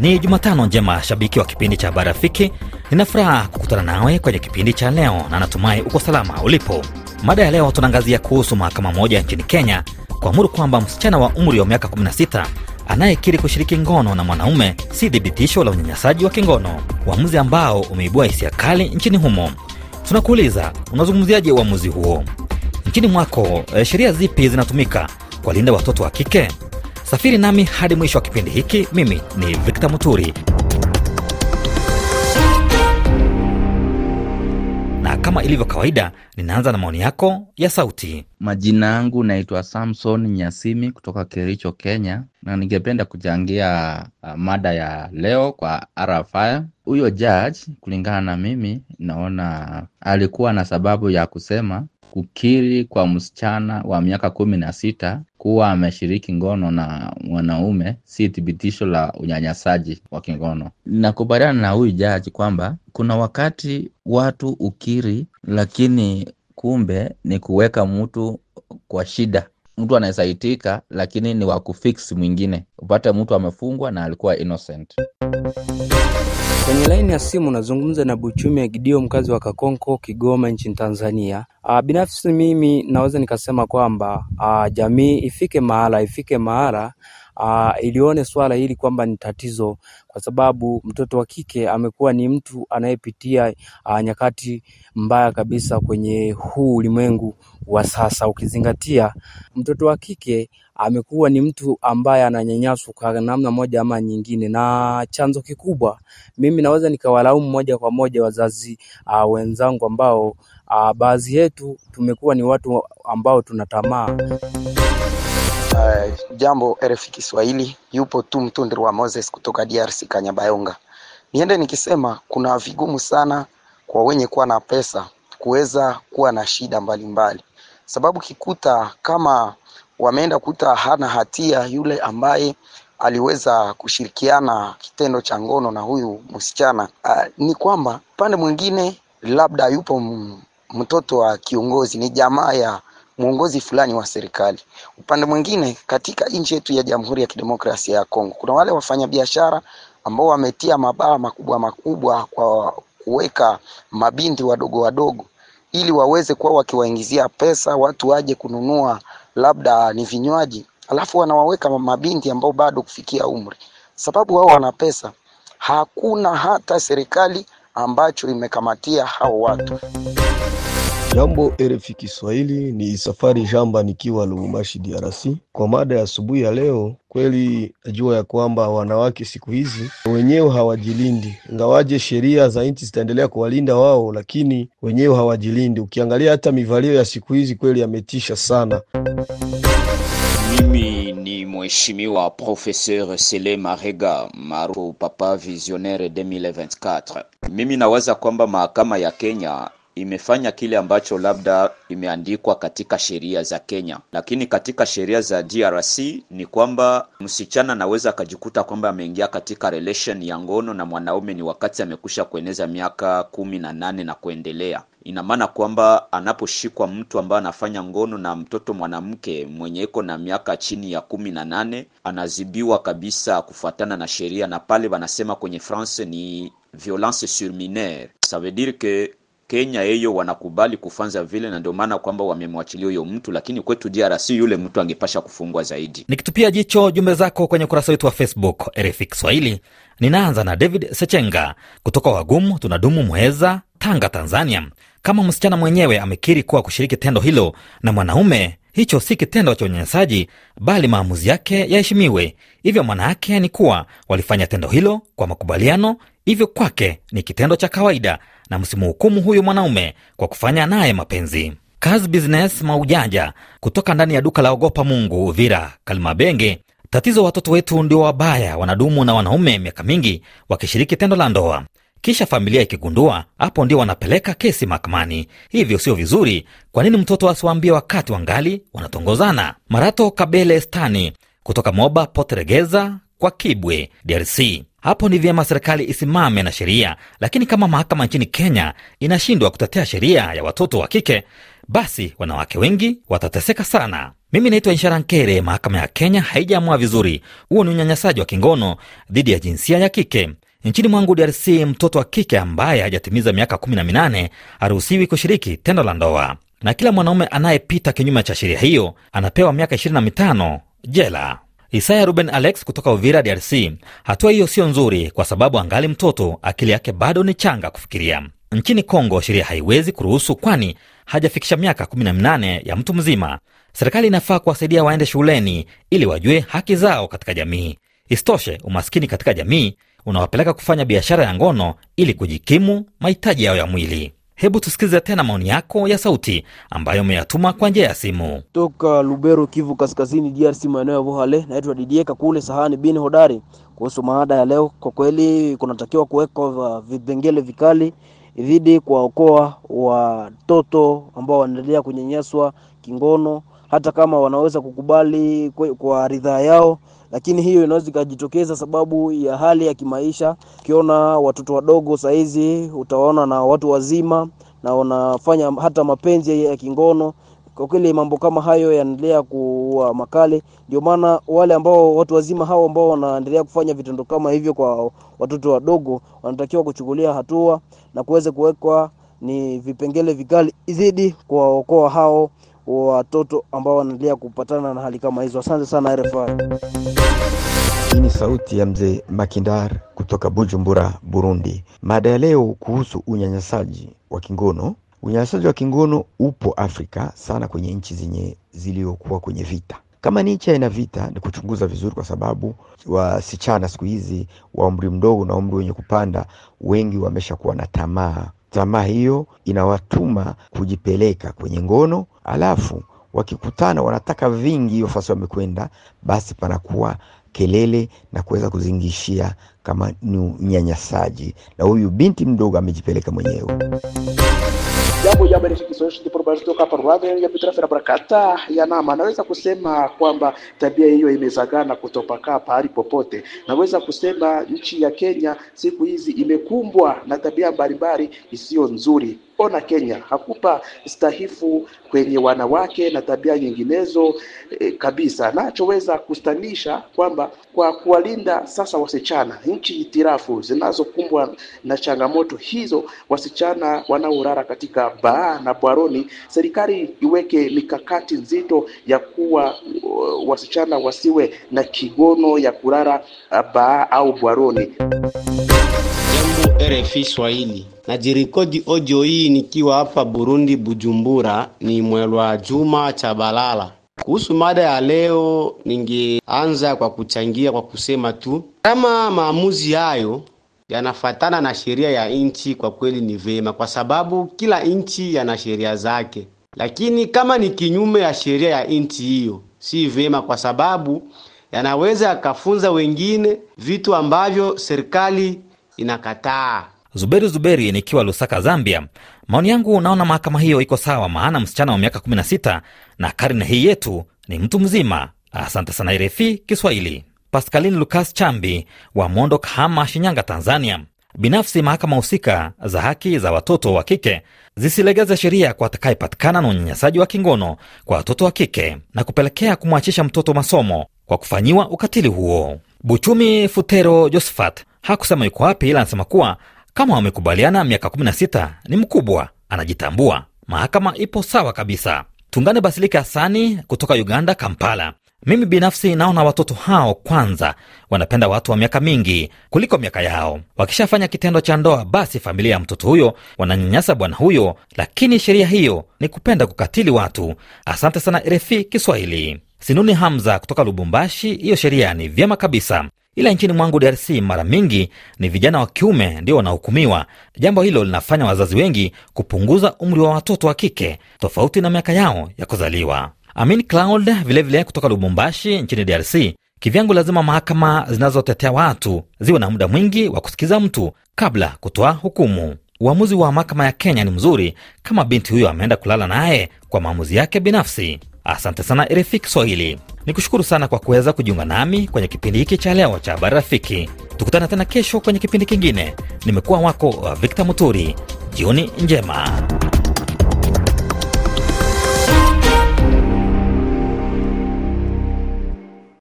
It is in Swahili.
Ni Jumatano njema shabiki wa kipindi cha habari rafiki. Nina furaha kukutana nawe kwenye kipindi cha leo na natumai uko salama ulipo. Mada ya leo tunaangazia kuhusu mahakama moja nchini Kenya kuamuru kwamba msichana wa umri wa miaka 16 anayekiri kushiriki ngono na mwanaume si thibitisho la unyanyasaji wa kingono, uamuzi ambao umeibua hisia kali nchini humo. Tunakuuliza, unazungumziaje uamuzi huo? Nchini mwako, eh, sheria zipi zinatumika kwa linda watoto wa kike? Safiri nami hadi mwisho wa kipindi hiki. Mimi ni victa Muturi. Na kama ilivyo kawaida, ninaanza na maoni yako ya sauti. Majina yangu naitwa Samson Nyasimi kutoka Kericho, Kenya, na ningependa kuchangia uh, mada ya leo kwa RFI. Huyo judge, kulingana na mimi, naona alikuwa na sababu ya kusema kukiri kwa msichana wa miaka kumi na sita kuwa ameshiriki ngono na mwanaume si thibitisho la unyanyasaji wa kingono. Nakubaliana na huyu jaji kwamba kuna wakati watu ukiri, lakini kumbe ni kuweka mtu kwa shida. Mtu anayesaitika lakini ni wa kufix mwingine, upate mtu amefungwa na alikuwa innocent. Kwenye laini ya simu nazungumza na ya Gidio, mkazi wa Kakonko, Kigoma nchini Tanzania. Aa, ah, binafsi mimi naweza nikasema kwamba ah, jamii ifike mahala ifike mahala uh, ilione swala hili kwamba ni tatizo, kwa sababu mtoto wa kike amekuwa ni mtu anayepitia uh, nyakati mbaya kabisa kwenye huu ulimwengu wa sasa, ukizingatia mtoto wa kike amekuwa ni mtu ambaye ananyanyaswa kwa namna moja ama nyingine, na chanzo kikubwa mimi naweza nikawalaumu moja kwa moja wazazi uh, wenzangu ambao uh, baadhi yetu tumekuwa ni watu ambao tuna tamaa Uh, jambo RFI Kiswahili, yupo tu mtundri wa Moses kutoka DRC Kanyabayonga. Niende nikisema kuna vigumu sana kwa wenye kuwa na pesa kuweza kuwa na shida mbalimbali mbali. Sababu kikuta kama wameenda kuta hana hatia yule ambaye aliweza kushirikiana kitendo cha ngono na huyu msichana uh, ni kwamba upande mwingine labda yupo mtoto wa kiongozi, ni jamaa ya mwongozi fulani wa serikali. Upande mwingine, katika nchi yetu ya Jamhuri ya Kidemokrasia ya Kongo kuna wale wafanyabiashara ambao wametia mabaa makubwa makubwa kwa kuweka mabinti wadogo wadogo ili waweze kuwa wakiwaingizia pesa watu waje kununua labda ni vinywaji, alafu wanawaweka mabinti ambao bado kufikia umri, sababu wao wana pesa. Hakuna hata serikali ambacho imekamatia hao watu. Jambo RFI Kiswahili, ni safari jamba nikiwa Lubumbashi, DRC. Kwa mada ya asubuhi ya leo, kweli najua ya kwamba wanawake siku hizi wenyewe hawajilindi, ingawaje sheria za nchi zitaendelea kuwalinda wao, lakini wenyewe hawajilindi. Ukiangalia hata mivalio ya siku hizi kweli yametisha sana. Mimi ni mheshimiwa Professeur Sele Marega maarufu Papa Visionnaire 2024. Mimi nawaza kwamba mahakama ya Kenya imefanya kile ambacho labda imeandikwa katika sheria za Kenya, lakini katika sheria za DRC ni kwamba msichana anaweza akajikuta kwamba ameingia katika relation ya ngono na mwanaume ni wakati amekusha kueneza miaka kumi na nane na kuendelea. Ina maana kwamba anaposhikwa mtu ambaye anafanya ngono na mtoto mwanamke mwenye iko na miaka chini ya kumi na nane anazibiwa kabisa kufuatana na sheria, na pale wanasema kwenye France ni violence sur mineur, ça veut dire que Kenya hiyo wanakubali kufanza vile, na ndio maana kwamba wamemwachilia huyo mtu, lakini kwetu DRC yule mtu angepasha kufungwa zaidi. Nikitupia jicho jumbe zako kwenye ukurasa wetu wa Facebook RFI Kiswahili, ninaanza na David Sechenga kutoka wagumu tunadumu mweza Tanga, Tanzania. Kama msichana mwenyewe amekiri kuwa kushiriki tendo hilo na mwanaume hicho si kitendo cha unyanyasaji, bali maamuzi yake yaheshimiwe. Hivyo maana ni kuwa walifanya tendo hilo kwa makubaliano hivyo kwake ni kitendo cha kawaida na msimuhukumu huyu mwanaume kwa kufanya naye mapenzi. Kazi Business Maujanja kutoka ndani ya duka la Ogopa Mungu Uvira Kalimabenge. Tatizo watoto wetu ndio wabaya, wanadumu na wanaume miaka mingi wakishiriki tendo la ndoa, kisha familia ikigundua, hapo ndio wanapeleka kesi mahakamani. Hivyo sio vizuri. Kwa nini mtoto asiwaambie wakati wangali wanatongozana? Marato Kabele Stani kutoka Moba Potregeza kwa Kibwe, DRC. Hapo ni vyema serikali isimame na sheria, lakini kama mahakama nchini Kenya inashindwa kutetea sheria ya watoto wa kike, basi wanawake wengi watateseka sana. Mimi naitwa Inshara Nkere. Mahakama ya Kenya haijaamua vizuri. Huo ni unyanyasaji wa kingono dhidi ya jinsia ya kike. Nchini mwangu DRC, mtoto wa kike ambaye hajatimiza miaka kumi na minane haruhusiwi kushiriki tendo la ndoa, na kila mwanaume anayepita kinyume cha sheria hiyo anapewa miaka ishirini na mitano jela. Isaya Ruben Alex kutoka Uvira, DRC. Hatua hiyo sio nzuri kwa sababu angali mtoto, akili yake bado ni changa kufikiria. Nchini Kongo sheria haiwezi kuruhusu, kwani hajafikisha miaka 18 ya mtu mzima. Serikali inafaa kuwasaidia waende shuleni ili wajue haki zao katika jamii. Isitoshe, umaskini katika jamii unawapeleka kufanya biashara ya ngono ili kujikimu mahitaji yao ya mwili. Hebu tusikize tena maoni yako ya sauti ambayo umeyatuma kwa njia ya simu toka Lubero, Kivu Kaskazini, DRC, maeneo ya vohale Naitwa didieka kule Sahani Bini Hodari. Kuhusu maada ya leo, kwa kweli kunatakiwa kuwekwa vipengele vikali dhidi kuwaokoa watoto ambao wanaendelea kunyenyeswa kingono hata kama wanaweza kukubali kwa ridhaa yao, lakini hiyo inaweza ikajitokeza sababu ya hali ya kimaisha. Ukiona watoto wadogo saizi utaona na watu wazima na wanafanya hata mapenzi ya kingono. Kwa kweli mambo kama hayo yanaendelea kuwa makali. Ndio maana wale ambao watu wazima hao ambao wanaendelea kufanya vitendo kama hivyo kwa watoto wadogo wanatakiwa kuchukulia hatua na kuweza kuwekwa ni vipengele vikali zidi kuwaokoa hao watoto ambao wanaendelea kupatana na hali kama hizo. Asante sana RFI. Hii ni sauti ya mzee Makindar kutoka Bujumbura, Burundi. Mada ya leo kuhusu unyanyasaji wa kingono. Unyanyasaji wa kingono upo Afrika sana kwenye nchi zenye ziliyokuwa kwenye vita. Kama ni nchi haina vita, ni kuchunguza vizuri, kwa sababu wasichana siku hizi wa umri mdogo na umri wenye kupanda, wengi wameshakuwa na tamaa. Tamaa hiyo inawatuma kujipeleka kwenye ngono alafu wakikutana wanataka vingi, hiyo fasi wamekwenda, basi panakuwa kelele na kuweza kuzingishia kama ni unyanyasaji, na huyu binti mdogo amejipeleka mwenyewe. Jambo jambo, ni kisoeshi ya na ya nama. Naweza kusema kwamba tabia hiyo imezagana kutopakaa pahali popote. Naweza kusema nchi ya Kenya siku hizi imekumbwa na tabia mbalimbali isiyo nzuri ona Kenya hakupa stahifu kwenye wanawake na tabia nyinginezo e, kabisa. Nachoweza kustanisha kwamba kwa kuwalinda sasa wasichana nchi itirafu zinazokumbwa na changamoto hizo, wasichana wanaorara katika baa na bwaroni, serikali iweke mikakati nzito ya kuwa uh, wasichana wasiwe na kigono ya kurara uh, baa au bwaroni. RFI Swahili. Najirikodi ojo hii nikiwa hapa Burundi, Bujumbura, ni Mwelwa Juma Chabalala. Kuhusu mada ya leo, ningeanza kwa kuchangia kwa kusema tu kama maamuzi hayo yanafatana na sheria ya nchi, kwa kweli ni vema, kwa sababu kila nchi yana sheria zake, lakini kama ni kinyume ya sheria ya nchi hiyo, si vema, kwa sababu yanaweza yakafunza wengine vitu ambavyo serikali inakataa. Zuberi Zuberi nikiwa Lusaka, Zambia. Maoni yangu, naona mahakama hiyo iko sawa, maana msichana wa miaka 16 na karne hii yetu ni mtu mzima. Asante sana RFI Kiswahili. pascalin Lucas Chambi wa Mondo, Kahama, Shinyanga, Tanzania. Binafsi, mahakama husika za haki za watoto wa kike zisilegeze sheria kwa atakayepatikana na unyanyasaji wa kingono kwa watoto wa kike na kupelekea kumwachisha mtoto masomo kwa kufanyiwa ukatili huo. Buchumi Futero Josephat Hakusema yuko wapi, ila anasema kuwa kama wamekubaliana miaka 16 ni mkubwa, anajitambua. Mahakama ipo sawa kabisa. Tungane Basilika Hasani kutoka Uganda, Kampala. Mimi binafsi naona watoto hao kwanza wanapenda watu wa miaka mingi kuliko miaka yao. Wakishafanya kitendo cha ndoa, basi familia ya mtoto huyo wananyanyasa bwana huyo, lakini sheria hiyo ni kupenda kukatili watu. Asante sana RFI Kiswahili. Sinuni Hamza kutoka Lubumbashi. Hiyo sheria ni vyema kabisa ila nchini mwangu DRC mara mingi ni vijana wa kiume ndio wanahukumiwa. Jambo hilo linafanya wazazi wengi kupunguza umri wa watoto wa kike tofauti na miaka yao ya kuzaliwa. Amin Cloud vilevile vile kutoka Lubumbashi nchini DRC. Kivyangu, lazima mahakama zinazotetea watu ziwe na muda mwingi wa kusikiza mtu kabla kutoa hukumu. Uamuzi wa mahakama ya Kenya ni mzuri, kama binti huyo ameenda kulala naye kwa maamuzi yake binafsi. Asante sana RFI Kiswahili ni kushukuru sana kwa kuweza kujiunga nami kwenye kipindi hiki cha leo cha Habari Rafiki. Tukutana tena kesho kwenye kipindi kingine. Nimekuwa wako uh, Victor Muturi. Jioni njema.